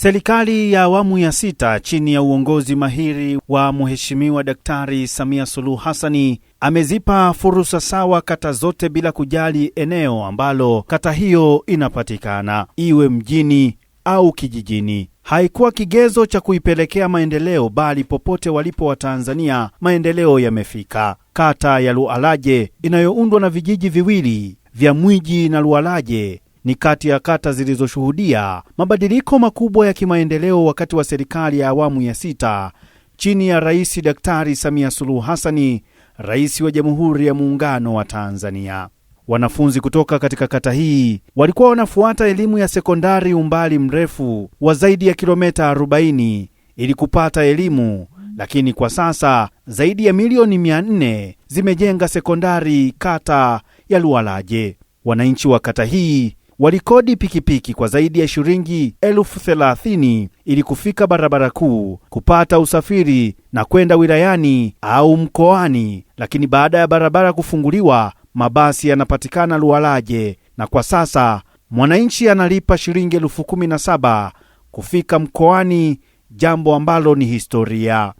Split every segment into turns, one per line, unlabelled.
Serikali ya awamu ya sita chini ya uongozi mahiri wa Mheshimiwa Daktari Samia Suluhu Hassani amezipa fursa sawa kata zote bila kujali eneo ambalo kata hiyo inapatikana, iwe mjini au kijijini. Haikuwa kigezo cha kuipelekea maendeleo, bali popote walipo Watanzania maendeleo yamefika. Kata ya Lualaje inayoundwa na vijiji viwili vya Mwiji na Lualaje ni kati ya kata zilizoshuhudia mabadiliko makubwa ya kimaendeleo wakati wa serikali ya awamu ya sita chini ya Rais Daktari Samia Suluhu hasani rais wa Jamhuri ya Muungano wa Tanzania. Wanafunzi kutoka katika kata hii walikuwa wanafuata elimu ya sekondari umbali mrefu wa zaidi ya kilometa 40 ili kupata elimu, lakini kwa sasa zaidi ya milioni 400 zimejenga sekondari kata ya Lualaje. Wananchi wa kata hii walikodi pikipiki kwa zaidi ya shilingi elfu thelathini ili kufika barabara kuu kupata usafiri na kwenda wilayani au mkoani, lakini baada ya barabara kufunguliwa mabasi yanapatikana Lualaje, na kwa sasa mwananchi analipa shilingi elfu kumi na saba kufika mkoani, jambo ambalo ni historia.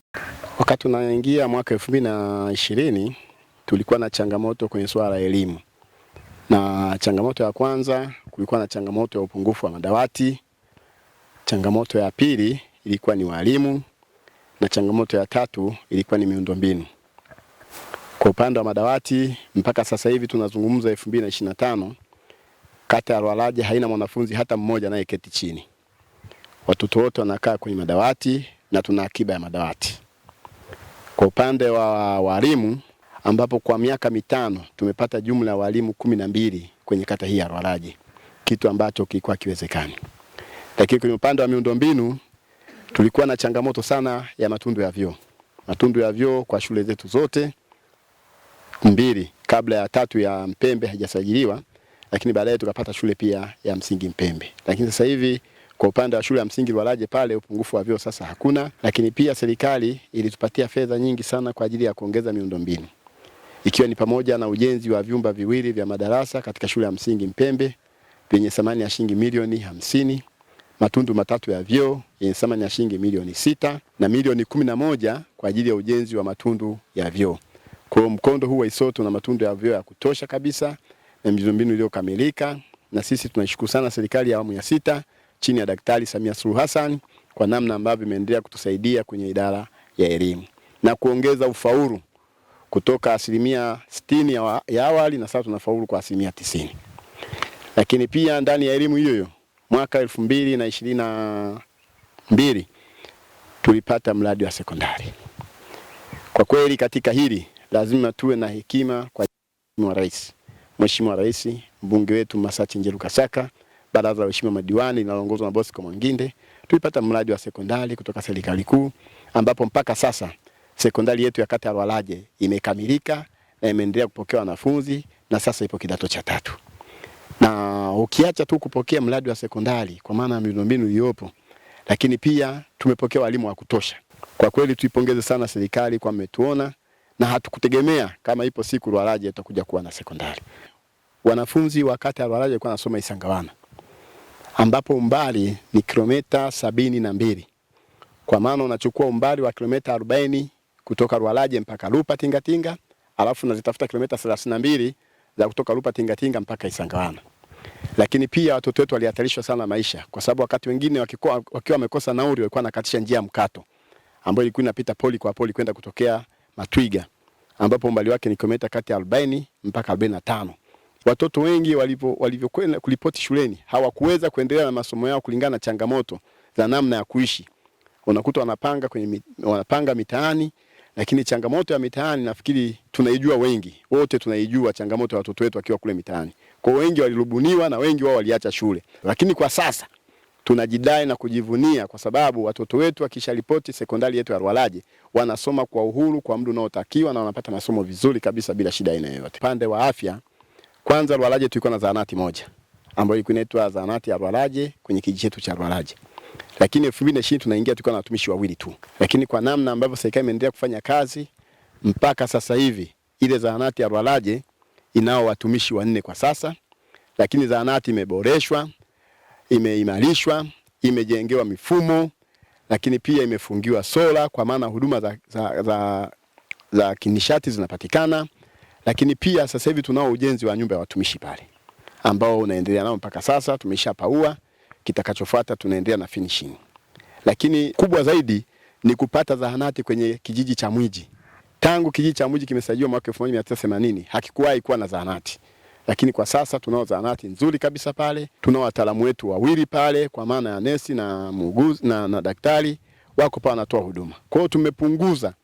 Wakati unaingia mwaka elfu mbili na ishirini tulikuwa na changamoto kwenye swala la elimu na changamoto ya kwanza kulikuwa na changamoto ya upungufu wa madawati, changamoto ya pili ilikuwa ni walimu na changamoto ya tatu ilikuwa ni miundombinu. Kwa upande wa madawati, mpaka sasa hivi tunazungumza 2025, kata ya Rwalaje haina mwanafunzi hata mmoja anayeketi chini. Watoto wote wanakaa kwenye madawati na tuna akiba ya madawati. Kwa upande wa walimu ambapo kwa miaka mitano tumepata jumla ya walimu kumi na mbili kwenye kata hii ya Rwaraje, kitu ambacho kilikuwa kiwezekani. Lakini kwenye upande wa miundombinu tulikuwa na changamoto sana ya matundu ya vyoo, matundu ya vyoo kwa shule zetu zote mbili kabla ya tatu ya Mpembe haijasajiliwa, lakini baadaye tukapata shule pia ya msingi Mpembe. Lakini sasa hivi kwa upande wa shule ya msingi Rwaraje pale upungufu wa vyoo sasa hakuna, lakini pia serikali ilitupatia fedha nyingi sana kwa ajili ya kuongeza miundombinu ikiwa ni pamoja na ujenzi wa vyumba viwili vya madarasa katika shule ya msingi Mpembe vyenye thamani ya shilingi milioni hamsini, matundu matatu ya vyoo yenye thamani ya shilingi milioni sita na milioni kumi na moja kwa ajili ya ujenzi wa matundu ya vyoo. Kwa mkondo huu wa Isoto na matundu ya vyoo ya kutosha kabisa na miundombinu iliyokamilika, na sisi tunaishukuru sana serikali ya awamu ya sita chini ya Daktari Samia Suluhu Hassan kwa namna ambavyo imeendelea kutusaidia kwenye idara ya elimu na kuongeza ufaulu kutoka asilimia sitini ya awali na sasa tunafaulu kwa asilimia tisini. Lakini pia ndani ya elimu hiyo hiyo mwaka elfu mbili na ishirini na mbili tulipata mradi wa sekondari. Kwa kweli katika hili lazima tuwe na hekima kwa Mheshimiwa Rais, Mheshimiwa Rais, mbunge wetu Masati Njeru Kasaka, baraza la waheshimiwa madiwani linaloongozwa na Bosco Mwanginde, tulipata mradi wa sekondari kutoka serikali kuu ambapo mpaka sasa sekondari yetu ya kata ya Rwalaje imekamilika na imeendelea kupokea wanafunzi na sasa ipo kidato cha tatu. Na ukiacha tu kupokea mradi wa sekondari kwa maana ya miundombinu iliyopo, lakini pia tumepokea walimu wa kutosha. Kwa kweli tuipongeze sana serikali kwa mmetuona na hatukutegemea kama ipo siku Rwalaje itakuja kuwa na sekondari. Wanafunzi wa kata ya Rwalaje walikuwa wanasoma Isangawana ambapo umbali ni kilomita sabini na mbili kwa maana unachukua umbali wa kilomita arobaini kutoka Rualaje mpaka Lupa Tingatinga, alafu nazitafuta kilomita 32 za kutoka Lupa Tingatinga mpaka Isangawana. Lakini pia watoto wetu walihatarishwa sana maisha, kwa sababu wakati wengine wakikua, wakiwa wamekosa nauri walikuwa nakatisha njia mkato ambayo ilikuwa inapita poli kwa poli kwenda kutokea Matwiga ambapo umbali wake ni kilomita kati ya 40 mpaka 45. Watoto wengi walivyo walivyokwenda kulipoti shuleni hawakuweza kuendelea na masomo yao kulingana na changamoto za namna ya kuishi. Unakuta wanapanga kwenye wanapanga mitaani lakini changamoto ya mitaani nafikiri tunaijua wengi, wote tunaijua changamoto ya watoto wetu wakiwa kule mitaani. Kwa wengi walirubuniwa na wengi wao waliacha shule, lakini kwa sasa tunajidai na kujivunia kwa sababu watoto wetu wakisharipoti sekondari yetu ya Rwalaje wanasoma kwa uhuru kwa muda unaotakiwa na wanapata masomo vizuri kabisa bila shida aina yoyote. Pande wa afya, kwanza Rwalaje tulikuwa na zahanati moja ambayo ilikuwa inaitwa zahanati ya Rwalaje kwenye kijiji chetu cha Rwalaje. Lakini 2020 tunaingia tukiwa na watumishi wawili tu, lakini kwa namna ambavyo serikali imeendelea kufanya kazi mpaka sasa hivi ile zahanati ya Rwalaje inao watumishi wanne kwa sasa, lakini zahanati imeboreshwa, imeimarishwa, imejengewa mifumo, lakini pia imefungiwa sola kwa maana huduma za, za, za, za kinishati zinapatikana, lakini pia sasa hivi tunao ujenzi wa nyumba ya watumishi pale ambao unaendelea nao mpaka sasa, paua kitakachofuata tunaendelea na finishing, lakini kubwa zaidi ni kupata zahanati kwenye kijiji cha Mwiji. Tangu kijiji cha Mwiji kimesajiliwa mwaka 1980 hakikuwahi kuwa na zahanati, lakini kwa sasa tunao zahanati nzuri kabisa pale. Tunao wataalamu wetu wawili pale, kwa maana ya nesi na muuguzi na, na daktari wako pale wanatoa huduma. Kwa hiyo tumepunguza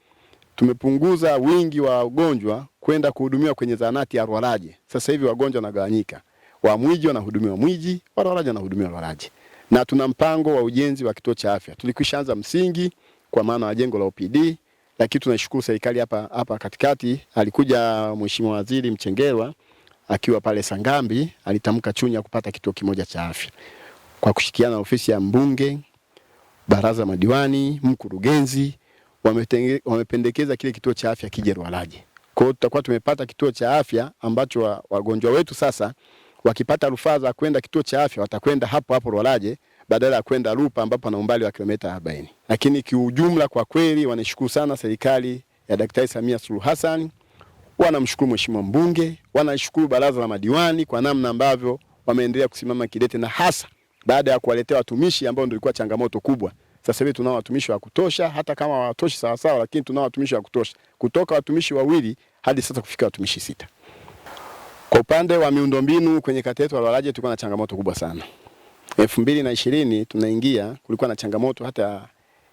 tumepunguza wingi wa wagonjwa kwenda kuhudumiwa kwenye zahanati ya Rwaraje. Sasa hivi wagonjwa wanagawanyika wa Wamwiji wanahudumia mwiji, Walawalaji wanahudumiwa Walawalaji, na tuna mpango wa ujenzi wa kituo cha afya. Tulikwishaanza msingi kwa maana ya jengo la OPD, lakini tunashukuru serikali hapa hapa katikati, alikuja mheshimiwa waziri Mchengerwa akiwa pale Sangambi, alitamka Chunya kupata kituo kimoja cha afya kwa kushirikiana na ofisi ya mbunge, baraza madiwani, mkurugenzi wamependekeza kile kituo cha afya kije Liwalaje. Kwa hiyo tutakuwa tumepata kituo cha afya ambacho wagonjwa wetu sasa Wakipata rufaa za kwenda kituo cha afya watakwenda hapo hapo Rwalaje badala ya kwenda Lupa ambapo ana umbali wa kilomita 40. Lakini kiujumla, kwa kweli wanashukuru sana serikali ya Daktari Samia Suluhu Hassan, wanamshukuru mheshimiwa mbunge, wanashukuru baraza la madiwani kwa namna ambavyo wameendelea kusimama kidete, na hasa baada ya kuwaletea watumishi ambao ndio ilikuwa changamoto kubwa. Sasa hivi tunao watumishi wa kutosha, hata kama sawa sawa, lakini tunao watumishi wa kutosha, kutoka watumishi wawili hadi sasa kufika watumishi sita. Kwa upande wa miundombinu kwenye kata yetu Alwalaje tulikuwa na changamoto kubwa sana. elfu mbili na ishirini tunaingia, kulikuwa na changamoto hata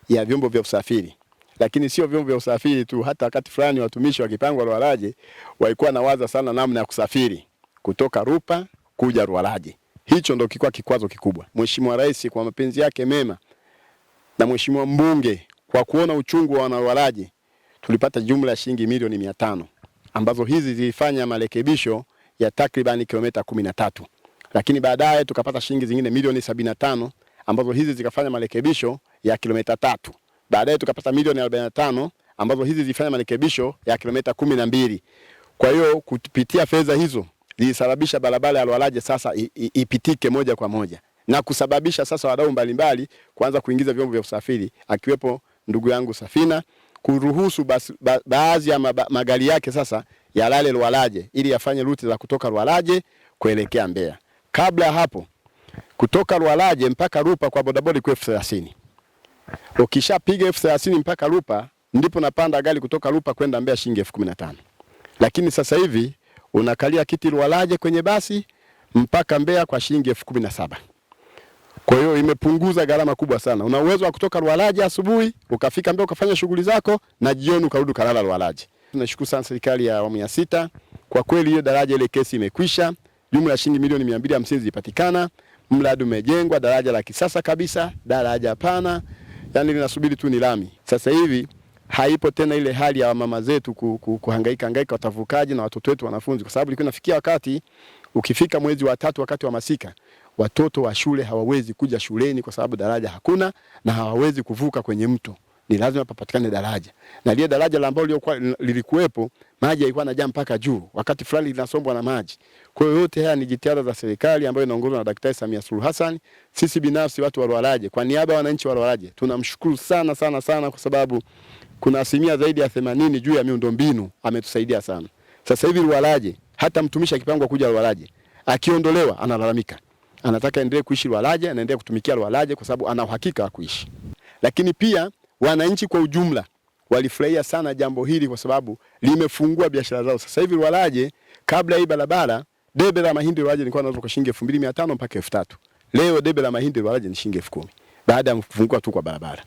ya vyombo vya usafiri, lakini sio vyombo vya usafiri tu, hata wakati fulani watumishi wakipangwa Alwalaje walikuwa na waza sana namna ya kusafiri kutoka Rupa kuja Alwalaje. Hicho ndo kikuwa kikwazo kikubwa. Mheshimiwa Rais kwa mapenzi yake mema na Mheshimiwa mbunge kwa kuona uchungu wa Wanalwalaje tulipata jumla ya shilingi milioni mia tano ambazo hizi zilifanya marekebisho ya takribani kilomita kumi na tatu, lakini baadaye tukapata shilingi zingine milioni sabini na tano ambazo hizi zikafanya marekebisho ya kilomita tatu. Baadaye tukapata milioni arobaini na tano ambazo hizi zifanya marekebisho ya kilomita kumi na mbili. Kwa hiyo kupitia fedha hizo zilisababisha barabara ya Lualaje sasa ipitike moja kwa moja na kusababisha sasa wadau mbalimbali kuanza kuingiza vyombo vya usafiri akiwepo ndugu yangu Safina kuruhusu baadhi ya magari yake sasa yalale Lualaje ili yafanye ruti za kutoka Lualaje kuelekea Mbeya. Kabla ya hapo kutoka Lualaje mpaka Rupa kwa bodaboda kwa elfu thelathini. Ukishapiga elfu thelathini mpaka Rupa, ndipo napanda gari kutoka Rupa kwenda Mbeya shilingi elfu kumi na tano. Lakini sasa hivi unakalia kiti Lualaje kwenye basi mpaka Mbeya kwa shilingi elfu kumi na saba. Kwa hiyo imepunguza gharama kubwa sana. Una uwezo wa kutoka Lualaje asubuhi ukafika Mbeya ukafanya shughuli zako na jioni ukarudi ukalala Lualaje. Tunashukuru sana serikali ya awamu ya sita, kwa kweli hiyo daraja ile kesi imekwisha. Jumla ya shilingi milioni mia mbili hamsini zilipatikana, mradi umejengwa, daraja la kisasa kabisa, daraja pana, yani linasubiri tu ni lami. Sasa hivi haipo tena ile hali ya mama zetu kuhangaika hangaika, watavukaji na watoto wetu wanafunzi, kwa sababu ilikuwa inafikia wakati ukifika mwezi wa tatu, wakati wa masika, watoto wa shule hawawezi kuja shuleni kwa sababu daraja hakuna na hawawezi kuvuka kwenye mto ni lazima papatikane daraja, na lile daraja la ambalo lilikuwa lilikuwepo, maji yalikuwa yanajaa mpaka juu, wakati fulani linasombwa na maji. Kwa hiyo yote haya ni jitihada za serikali ambayo inaongozwa na Daktari Samia Suluhu Hassan. Sisi binafsi watu wa Rwalaje, kwa niaba ya wananchi wa Rwalaje, tunamshukuru sana sana sana kwa sababu kuna asilimia zaidi ya 80 juu ya miundombinu ametusaidia sana. Sasa hivi Rwalaje, hata mtumishi akipangwa kuja Rwalaje akiondolewa, analalamika, anataka endelee kuishi Rwalaje, anaendelea kutumikia Rwalaje kwa sababu ana uhakika wa kuishi, lakini pia wananchi kwa ujumla walifurahia sana jambo hili kwa sababu limefungua biashara zao. Sasa hivi walaje, kabla hii barabara debe la mahindi walaje lilikuwa linauzwa kwa shilingi 2500 mpaka 3000. Leo debe la mahindi walaje ni shilingi 10000 baada ya kufungua tu kwa barabara.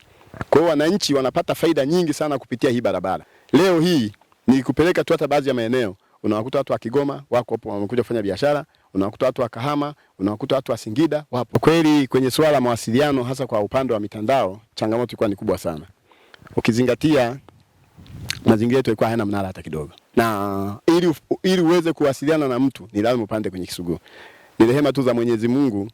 Kwa hiyo wananchi wanapata faida nyingi sana kupitia hii barabara. Leo hii nikupeleka tu hata baadhi ya maeneo unawakuta watu wa Kigoma wako hapo wamekuja kufanya biashara, unakuta watu wa Kahama, unakuta watu wa Singida wapo. Kweli kwenye swala la mawasiliano, hasa kwa upande wa mitandao, changamoto ilikuwa ni kubwa sana, ukizingatia mazingira yetu yalikuwa hayana mnara hata kidogo, na ili, ili uweze kuwasiliana na mtu ni lazima upande kwenye Kisuguu. Ni rehema tu za Mwenyezi Mungu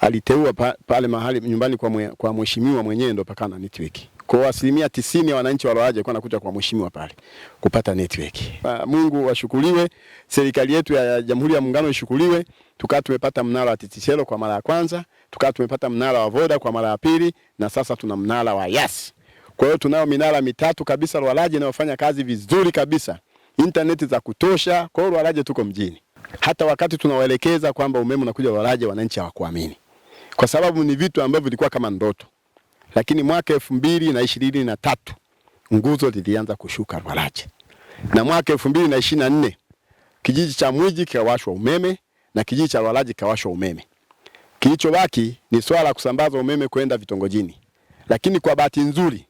aliteua pa, pale mahali nyumbani kwa, mwe, kwa mheshimiwa mwenyewe ndo pakana network kwa hiyo asilimia tisini ya wananchi walioaje kwa nakuta kwa mheshimiwa pale kupata network. Ah, Mungu ashukuriwe, serikali yetu ya Jamhuri ya Muungano ishukuriwe. Tukawa tumepata mnara wa Titicelo kwa mara ya kwanza, tukawa tumepata mnara wa Voda kwa mara ya pili, na sasa tuna mnara wa Yas. Kwa hiyo tunayo minara mitatu kabisa Lualaje inayofanya kazi vizuri kabisa, intaneti za kutosha. Kwa hiyo Lualaje tuko mjini, hata wakati tunawaelekeza kwamba umeme unakuja Lualaje, wananchi hawakuamini kwa sababu ni vitu ambavyo vilikuwa kama ndoto lakini mwaka elfu mbili na ishirini na tatu nguzo lilianza kushuka Rwaraje, na mwaka elfu mbili na ishirini na nne kijiji cha Mwiji kikawashwa umeme na kijiji cha Rwaraje kikawashwa umeme. Kilichobaki ni swala la kusambaza umeme kwenda vitongojini, lakini kwa bahati nzuri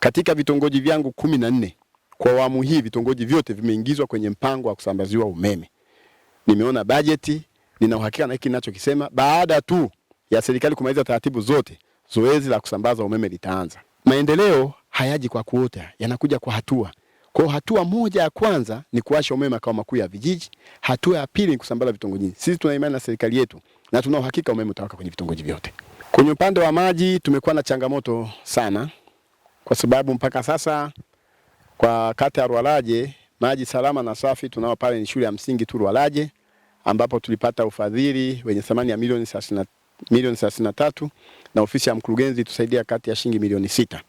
katika vitongoji vyangu kumi na nne kwa awamu hii vitongoji vyote vimeingizwa kwenye mpango wa kusambaziwa umeme. Nimeona bajeti, nina uhakika na hiki ninachokisema, baada tu ya serikali kumaliza taratibu zote zoezi la kusambaza umeme litaanza. Maendeleo hayaji kwa kuota, yanakuja kwa hatua. Kwa hatua moja ya kwanza ni kuwasha umeme makao makuu ya vijiji, hatua ya pili ni kusambaza vitongoji. Sisi tuna imani na serikali yetu na tuna uhakika umeme utawaka kwenye vitongoji vyote. Kwenye upande wa maji tumekuwa na changamoto sana, kwa sababu mpaka sasa kwa kata ya Rwalaje maji salama na safi tunao pale ni shule ya msingi tu Rwalaje, ambapo tulipata ufadhili wenye thamani ya milioni milioni 33 na ofisi ya mkurugenzi itusaidia kati ya shilingi milioni sita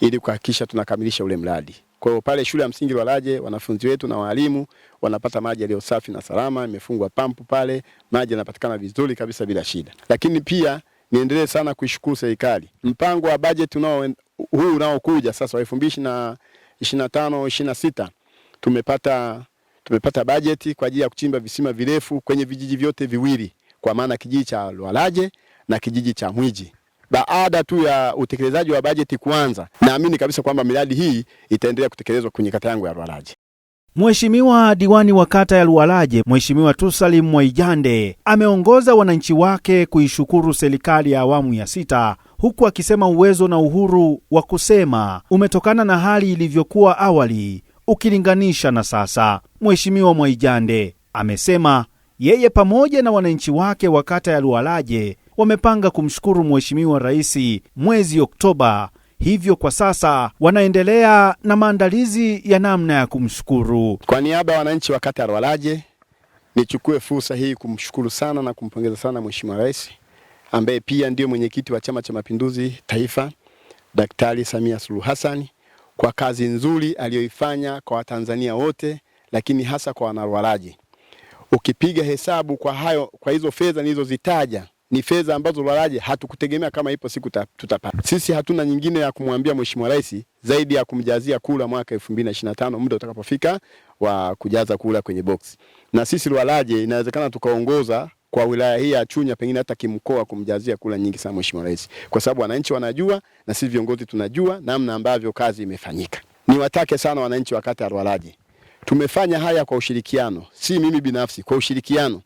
ili kuhakikisha tunakamilisha ule mradi. Kwa hiyo pale shule ya msingi Lwalaje wanafunzi wetu na walimu wanapata maji yaliyo safi na salama, imefungwa pampu pale, maji yanapatikana vizuri kabisa bila shida. Lakini pia niendelee sana kuishukuru serikali, mpango wa bajeti unao huu unaokuja sasa wa 2025 26 tumepata tumepata bajeti kwa ajili ya kuchimba visima virefu kwenye vijiji vyote viwili kwa maana kijiji cha Lualaje na kijiji cha Mwiji. Baada tu ya utekelezaji wa bajeti kuanza, naamini kabisa kwamba miradi hii itaendelea kutekelezwa kwenye kata yangu ya Lualaje.
Mheshimiwa diwani wa kata ya Lualaje, Mheshimiwa Tusalim Mwaijande ameongoza wananchi wake kuishukuru serikali ya awamu ya sita huku akisema uwezo na uhuru wa kusema umetokana na hali ilivyokuwa awali ukilinganisha na sasa. Mheshimiwa Mwaijande amesema yeye pamoja na wananchi wake wa kata ya Lualaje wamepanga kumshukuru Mheshimiwa Rais mwezi Oktoba, hivyo kwa sasa wanaendelea na maandalizi ya namna ya kumshukuru.
Kwa niaba ya wananchi wa kata ya Lualaje, nichukue fursa hii kumshukuru sana na kumpongeza sana Mheshimiwa Rais ambaye pia ndiyo mwenyekiti wa Chama cha Mapinduzi Taifa, Daktari Samia Suluhu Hassan kwa kazi nzuri aliyoifanya kwa Watanzania wote, lakini hasa kwa Wanalualaje. Ukipiga hesabu kwa hayo, kwa hizo fedha nilizozitaja ni fedha ambazo Lwaraje hatukutegemea kama ipo siku tutapata. Sisi hatuna nyingine ya kumwambia Mheshimiwa Rais zaidi ya kumjazia kula mwaka 2025 muda utakapofika wa kujaza kula kwenye box. na sisi lwalaje inawezekana tukaongoza kwa wilaya hii ya Chunya, pengine hata kimkoa, kumjazia kula nyingi sana Mheshimiwa Rais, kwa sababu wananchi wanajua na sisi viongozi tunajua namna ambavyo kazi imefanyika. Niwatake sana wananchi wa kata ya Tumefanya haya kwa ushirikiano, si mimi binafsi, kwa ushirikiano.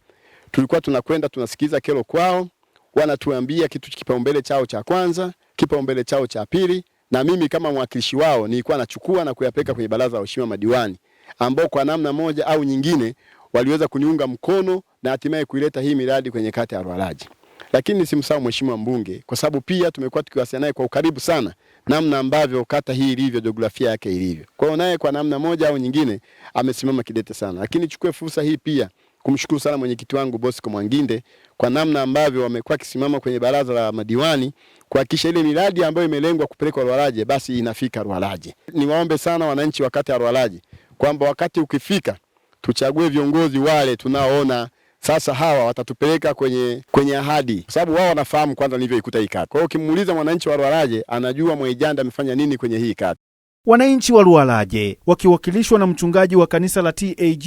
Tulikuwa tunakwenda tunasikiliza kero kwao, wanatuambia kitu kipaumbele chao cha kwanza, kipaumbele chao cha pili, na mimi kama mwakilishi wao nilikuwa nachukua na kuyapeka kwenye baraza la waheshimiwa madiwani, ambao kwa namna moja au nyingine waliweza kuniunga mkono na hatimaye kuileta hii miradi kwenye kata ya Rwalaji. Lakini simsahau mheshimiwa mbunge, kwa sababu pia tumekuwa tukiwasiliana naye kwa ukaribu sana namna ambavyo kata hii ilivyo, jiografia yake ilivyo. Kwa hiyo naye kwa namna moja au nyingine amesimama kidete sana, lakini chukue fursa hii pia kumshukuru sana mwenyekiti wangu Bosco Mwanginde kwa namna ambavyo wamekuwa kisimama kwenye baraza la madiwani kuhakikisha ile miradi ambayo imelengwa kupelekwa Ruaraje basi inafika Ruaraje. Niwaombe sana wananchi wa kata ya Ruaraje kwamba wakati ukifika tuchague viongozi wale tunaoona sasa hawa watatupeleka kwenye kwenye ahadi, kwa sababu wao wanafahamu kwanza nilivyoikuta hii kata. Kwa hiyo ukimuuliza mwananchi wa lualaje anajua Mwaijanda amefanya nini kwenye hii kata.
Wananchi wa lualaje wakiwakilishwa na mchungaji wa kanisa la TAG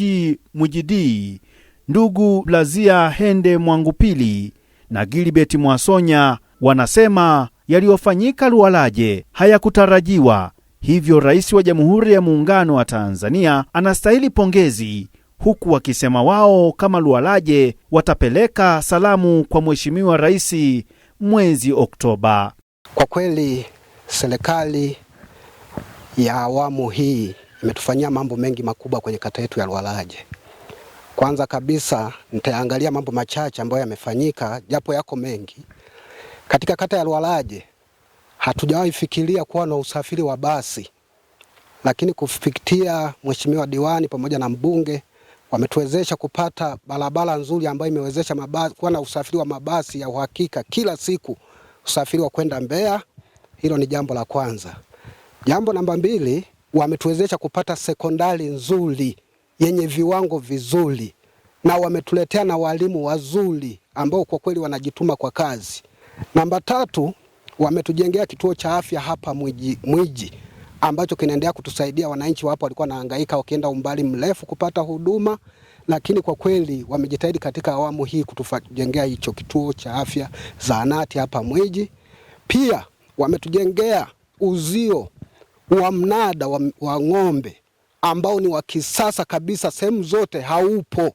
Mwijidii ndugu Blazia Hende Mwangupili na Gilibeti Mwasonya wanasema yaliyofanyika Rwalaje hayakutarajiwa, hivyo Rais wa Jamhuri ya Muungano wa Tanzania anastahili pongezi huku wakisema wao kama Lualaje watapeleka salamu kwa Mheshimiwa Rais mwezi Oktoba.
Kwa kweli serikali ya awamu hii imetufanyia mambo mengi makubwa kwenye kata yetu ya Lualaje. Kwanza kabisa nitaangalia mambo machache ambayo yamefanyika, japo yako mengi. Katika kata ya Lualaje hatujawahi fikiria kuwa na usafiri wa basi, lakini kufikia mheshimiwa diwani pamoja na mbunge wametuwezesha kupata barabara nzuri ambayo imewezesha mabasi kuwa na usafiri wa mabasi ya uhakika kila siku, usafiri wa kwenda Mbeya. Hilo ni jambo la kwanza. Jambo namba mbili, wametuwezesha kupata sekondari nzuri yenye viwango vizuri, na wametuletea na walimu wazuri ambao kwa kweli wanajituma kwa kazi. Namba tatu, wametujengea kituo cha afya hapa Mwiji, Mwiji ambacho kinaendelea kutusaidia wananchi wapo, walikuwa wanahangaika wakienda umbali mrefu kupata huduma, lakini kwa kweli wamejitahidi katika awamu hii kutujengea hicho kituo cha afya zahanati hapa Mwiji. Pia wametujengea uzio wa mnada wa, wa ng'ombe ambao ni wa kisasa kabisa, sehemu zote haupo,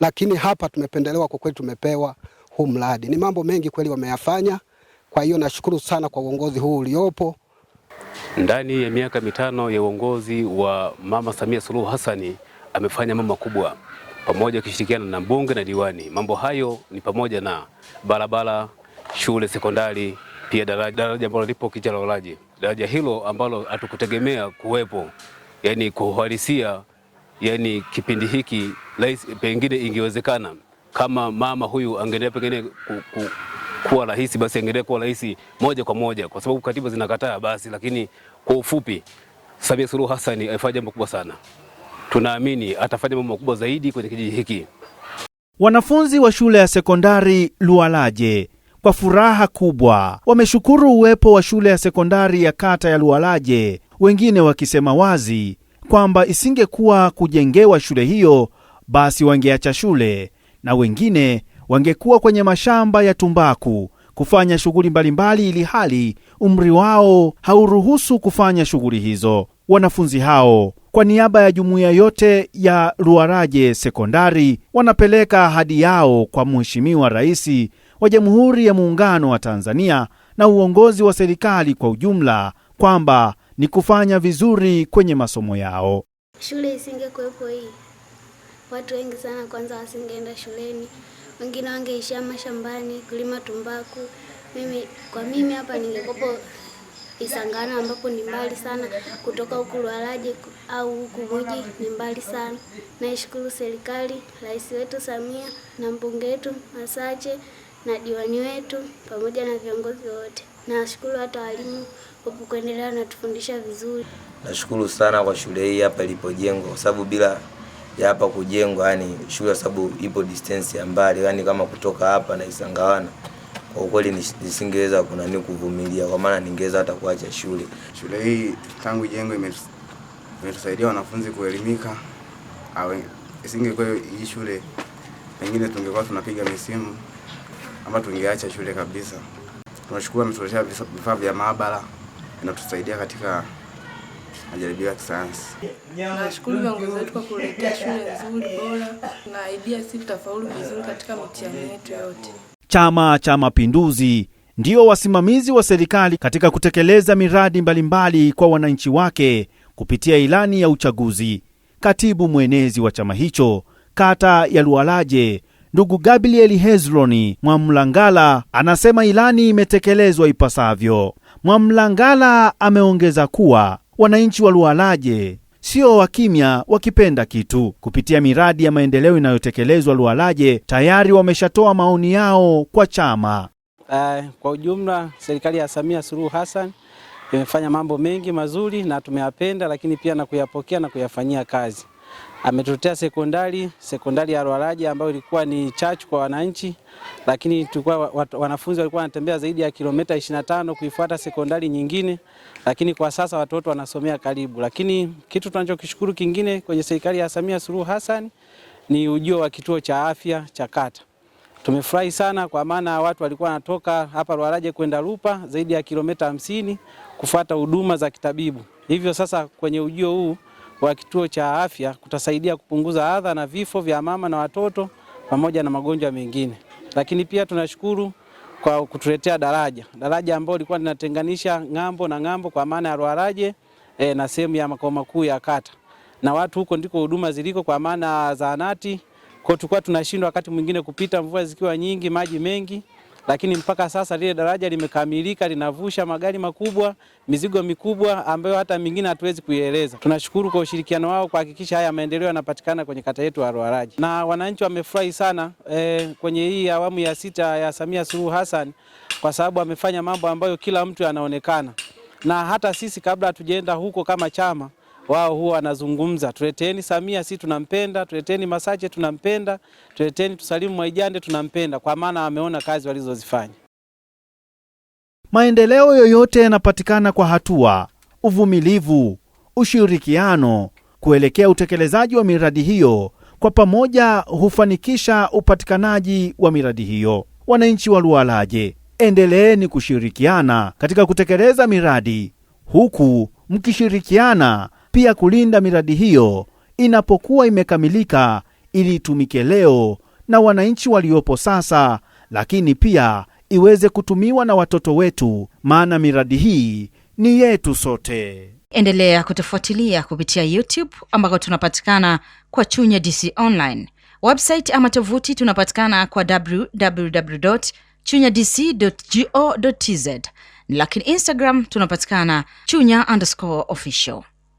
lakini hapa tumependelewa kwa kweli, tumepewa huu mradi. Ni mambo mengi kweli wameyafanya, kwa hiyo nashukuru sana kwa uongozi huu uliopo.
Ndani ya miaka mitano ya uongozi wa Mama Samia Suluhu Hassani amefanya mambo makubwa pamoja kushirikiana na mbunge na diwani. Mambo hayo ni pamoja na barabara, shule sekondari, pia daraja ambalo lipo Kichalaolaje, daraja hilo ambalo hatukutegemea kuwepo, yani kuhalisia, yani kipindi hiki rais, pengine ingewezekana kama mama huyu angeendelea pengine ku, ku, kuwa rahisi, basi endelee kuwa rahisi moja kwa moja, kwa sababu katiba zinakataa basi. Lakini kwa ufupi, Samia Suluhu Hassan alifanya jambo kubwa sana, tunaamini atafanya mambo makubwa zaidi kwenye kijiji hiki.
Wanafunzi wa shule ya sekondari Lualaje kwa furaha kubwa wameshukuru uwepo wa shule ya sekondari ya kata ya Lualaje, wengine wakisema wazi kwamba isingekuwa kujengewa shule hiyo basi wangeacha shule, na wengine wangekuwa kwenye mashamba ya tumbaku kufanya shughuli mbalimbali, ili hali umri wao hauruhusu kufanya shughuli hizo. Wanafunzi hao kwa niaba ya jumuiya yote ya Ruaraje Sekondari wanapeleka ahadi yao kwa Mheshimiwa Rais wa Jamhuri ya Muungano wa Tanzania na uongozi wa serikali kwa ujumla kwamba ni kufanya vizuri kwenye masomo yao.
Shule isingekuwepo hii, watu wengi sana kwanza wasingeenda shuleni wengine wangeishia mashambani kulima tumbaku. Mimi kwa mimi hapa ningekopo Isangana, ambapo ni mbali sana kutoka huku Lualaje au huku mji, ni mbali sana. Naishukuru serikali, rais wetu Samia na mbunge wetu Masache na diwani wetu pamoja na viongozi wote. Nashukuru hata walimu kwa kuendelea natufundisha vizuri.
Nashukuru sana kwa shule hii hapa ilipojengwa, kwa sababu bila ya hapa kujengwa, yani shule, sababu ipo distance ya mbali, yani kama kutoka hapa na Isangawana kwa ukweli nisingeweza kuna nini kuvumilia, kwa maana ningeweza hata kuacha shule.
Shule hii tangu ijengwe imetusaidia wanafunzi kuelimika. Isingekuwa hii shule, pengine tungekuwa tunapiga misimu ama tungeacha shule kabisa. Tunashukuru ametuletea vifaa vya maabara, inatusaidia katika majaribio ya kisayansi.
Nashukuru viongozi wetu kwa kuletea shule nzuri bora na idea, si tutafaulu vizuri katika mitihani yetu yote.
Chama cha Mapinduzi ndio wasimamizi wa serikali katika kutekeleza miradi mbalimbali mbali kwa wananchi wake kupitia ilani ya uchaguzi. Katibu mwenezi wa chama hicho kata ya Lualaje ndugu Gabriel Hezroni Mwamlangala anasema ilani imetekelezwa ipasavyo. Mwamlangala ameongeza kuwa wananchi walualaje sio wakimya wakipenda kitu. Kupitia miradi ya maendeleo inayotekelezwa Lualaje, tayari wameshatoa maoni yao kwa chama.
Uh, kwa ujumla serikali ya Samia Suluhu Hassan imefanya mambo mengi mazuri na tumeyapenda, lakini pia na kuyapokea na kuyafanyia kazi ametuletea sekondari sekondari ya Rwaraji ambayo ilikuwa ni chachu kwa wananchi, lakini tulikuwa wanafunzi walikuwa wanatembea zaidi ya kilomita 25 kuifuata sekondari nyingine, lakini kwa sasa watoto wanasomea karibu. Lakini kitu tunachokishukuru kingine kwenye serikali ya Samia Suluhu Hassan ni ujio wa kituo cha afya cha kata. Tumefurahi sana kwa maana watu walikuwa wanatoka hapa Rwaraje kwenda Lupa zaidi ya kilomita 50 kufuata huduma za kitabibu. Hivyo sasa kwenye ujio huu wa kituo cha afya kutasaidia kupunguza adha na vifo vya mama na watoto pamoja na magonjwa mengine. Lakini pia tunashukuru kwa kutuletea daraja, daraja ambalo lilikuwa linatenganisha ng'ambo na ng'ambo kwa maana ya Ruaraje e, na sehemu ya makao makuu ya kata na watu huko ndiko huduma ziliko kwa maana zahanati. Kwa tulikuwa tunashindwa wakati mwingine kupita, mvua zikiwa nyingi, maji mengi lakini mpaka sasa lile daraja limekamilika, linavusha magari makubwa, mizigo mikubwa ambayo hata mingine hatuwezi kuieleza. Tunashukuru kwa ushirikiano wao kuhakikisha haya maendeleo yanapatikana kwenye kata yetu ya Ruaraji, na wananchi wamefurahi sana e, kwenye hii awamu ya sita ya Samia Suluhu Hassan kwa sababu amefanya mambo ambayo kila mtu anaonekana, na hata sisi kabla hatujaenda huko kama chama wao huwa wanazungumza, tuleteni Samia, si tunampenda, tuleteni Masache tunampenda, tuleteni Tusalimu Mwaijande tunampenda, kwa maana wameona kazi walizozifanya.
Maendeleo yoyote yanapatikana kwa hatua, uvumilivu, ushirikiano kuelekea utekelezaji wa miradi hiyo. Kwa pamoja hufanikisha upatikanaji wa miradi hiyo. Wananchi wa Lualaje, endeleeni kushirikiana katika kutekeleza miradi huku mkishirikiana pia kulinda miradi hiyo inapokuwa imekamilika ili itumike leo na wananchi waliopo sasa, lakini pia iweze kutumiwa na watoto wetu, maana miradi hii ni yetu sote.
Endelea kutufuatilia kupitia YouTube ambako tunapatikana kwa Chunya DC Online, website ama tovuti tunapatikana kwa www chunya dc go tz, lakini Instagram tunapatikana chunya underscore official.